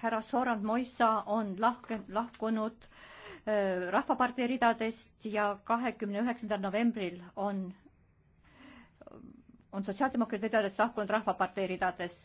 härra Soran Moisa on lahke, lahkunud äh, Rahvapartei ridadest ja kahekümne üheksandal novembril on, on sotsiaaldemokraatide ridadest lahkunud Rahvapartei ridades